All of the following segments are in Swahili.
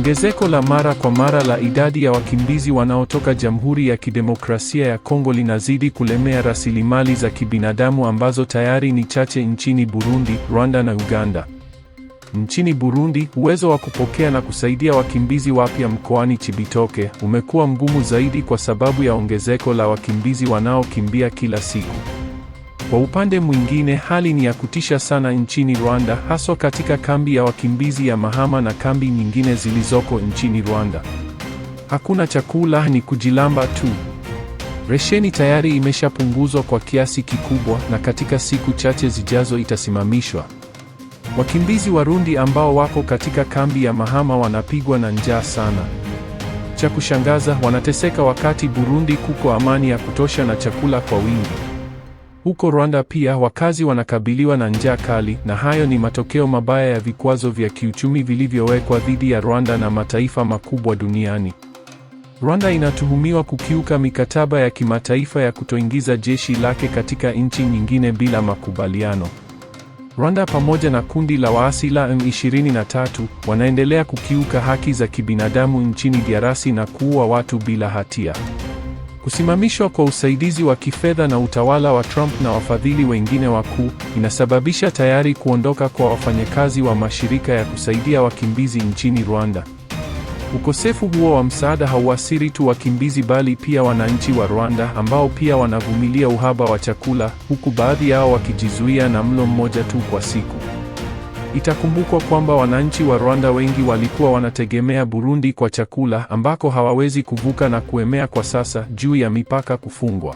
Ongezeko la mara kwa mara la idadi ya wakimbizi wanaotoka Jamhuri ya Kidemokrasia ya Kongo linazidi kulemea rasilimali za kibinadamu ambazo tayari ni chache nchini Burundi, Rwanda na Uganda. Nchini Burundi, uwezo wa kupokea na kusaidia wakimbizi wapya mkoani Chibitoke umekuwa mgumu zaidi kwa sababu ya ongezeko la wakimbizi wanaokimbia kila siku. Kwa upande mwingine, hali ni ya kutisha sana nchini Rwanda, haswa katika kambi ya wakimbizi ya Mahama na kambi nyingine zilizoko nchini Rwanda. Hakuna chakula, ni kujilamba tu. Resheni tayari imeshapunguzwa kwa kiasi kikubwa na katika siku chache zijazo itasimamishwa. Wakimbizi Warundi ambao wako katika kambi ya Mahama wanapigwa na njaa sana. Cha kushangaza, wanateseka wakati Burundi kuko amani ya kutosha na chakula kwa wingi. Huko Rwanda pia wakazi wanakabiliwa na njaa kali, na hayo ni matokeo mabaya ya vikwazo vya kiuchumi vilivyowekwa dhidi ya Rwanda na mataifa makubwa duniani. Rwanda inatuhumiwa kukiuka mikataba ya kimataifa ya kutoingiza jeshi lake katika nchi nyingine bila makubaliano. Rwanda pamoja na kundi la waasi la M23 wanaendelea kukiuka haki za kibinadamu nchini DRC na kuua watu bila hatia. Kusimamishwa kwa usaidizi wa kifedha na utawala wa Trump na wafadhili wengine wakuu inasababisha tayari kuondoka kwa wafanyakazi wa mashirika ya kusaidia wakimbizi nchini Rwanda. Ukosefu huo wa msaada hauasiri tu wakimbizi bali pia wananchi wa Rwanda ambao pia wanavumilia uhaba wa chakula, huku baadhi yao wakijizuia na mlo mmoja tu kwa siku. Itakumbukwa kwamba wananchi wa Rwanda wengi walikuwa wanategemea Burundi kwa chakula ambako hawawezi kuvuka na kuemea kwa sasa juu ya mipaka kufungwa.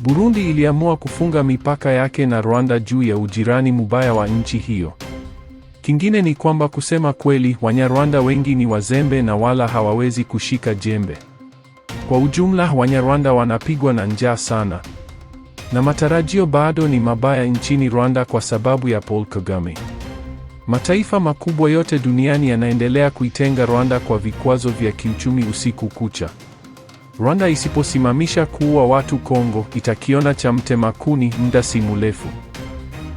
Burundi iliamua kufunga mipaka yake na Rwanda juu ya ujirani mubaya wa nchi hiyo. Kingine ni kwamba kusema kweli, Wanyarwanda wengi ni wazembe na wala hawawezi kushika jembe. Kwa ujumla, Wanyarwanda wanapigwa na njaa sana. Na matarajio bado ni mabaya nchini Rwanda kwa sababu ya Paul Kagame. Mataifa makubwa yote duniani yanaendelea kuitenga Rwanda kwa vikwazo vya kiuchumi usiku kucha. Rwanda isiposimamisha kuua watu Kongo, itakiona cha mtemakuni muda si mrefu.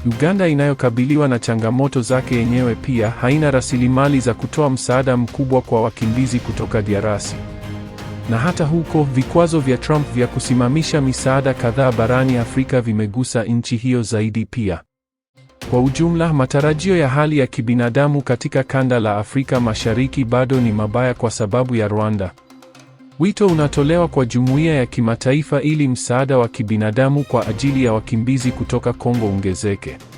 Uganda inayokabiliwa na changamoto zake yenyewe pia haina rasilimali za kutoa msaada mkubwa kwa wakimbizi kutoka DRC. Na hata huko, vikwazo vya Trump vya kusimamisha misaada kadhaa barani Afrika vimegusa nchi hiyo zaidi pia. Kwa ujumla, matarajio ya hali ya kibinadamu katika kanda la Afrika Mashariki bado ni mabaya kwa sababu ya Rwanda. Wito unatolewa kwa jumuiya ya kimataifa ili msaada wa kibinadamu kwa ajili ya wakimbizi kutoka Kongo ongezeke.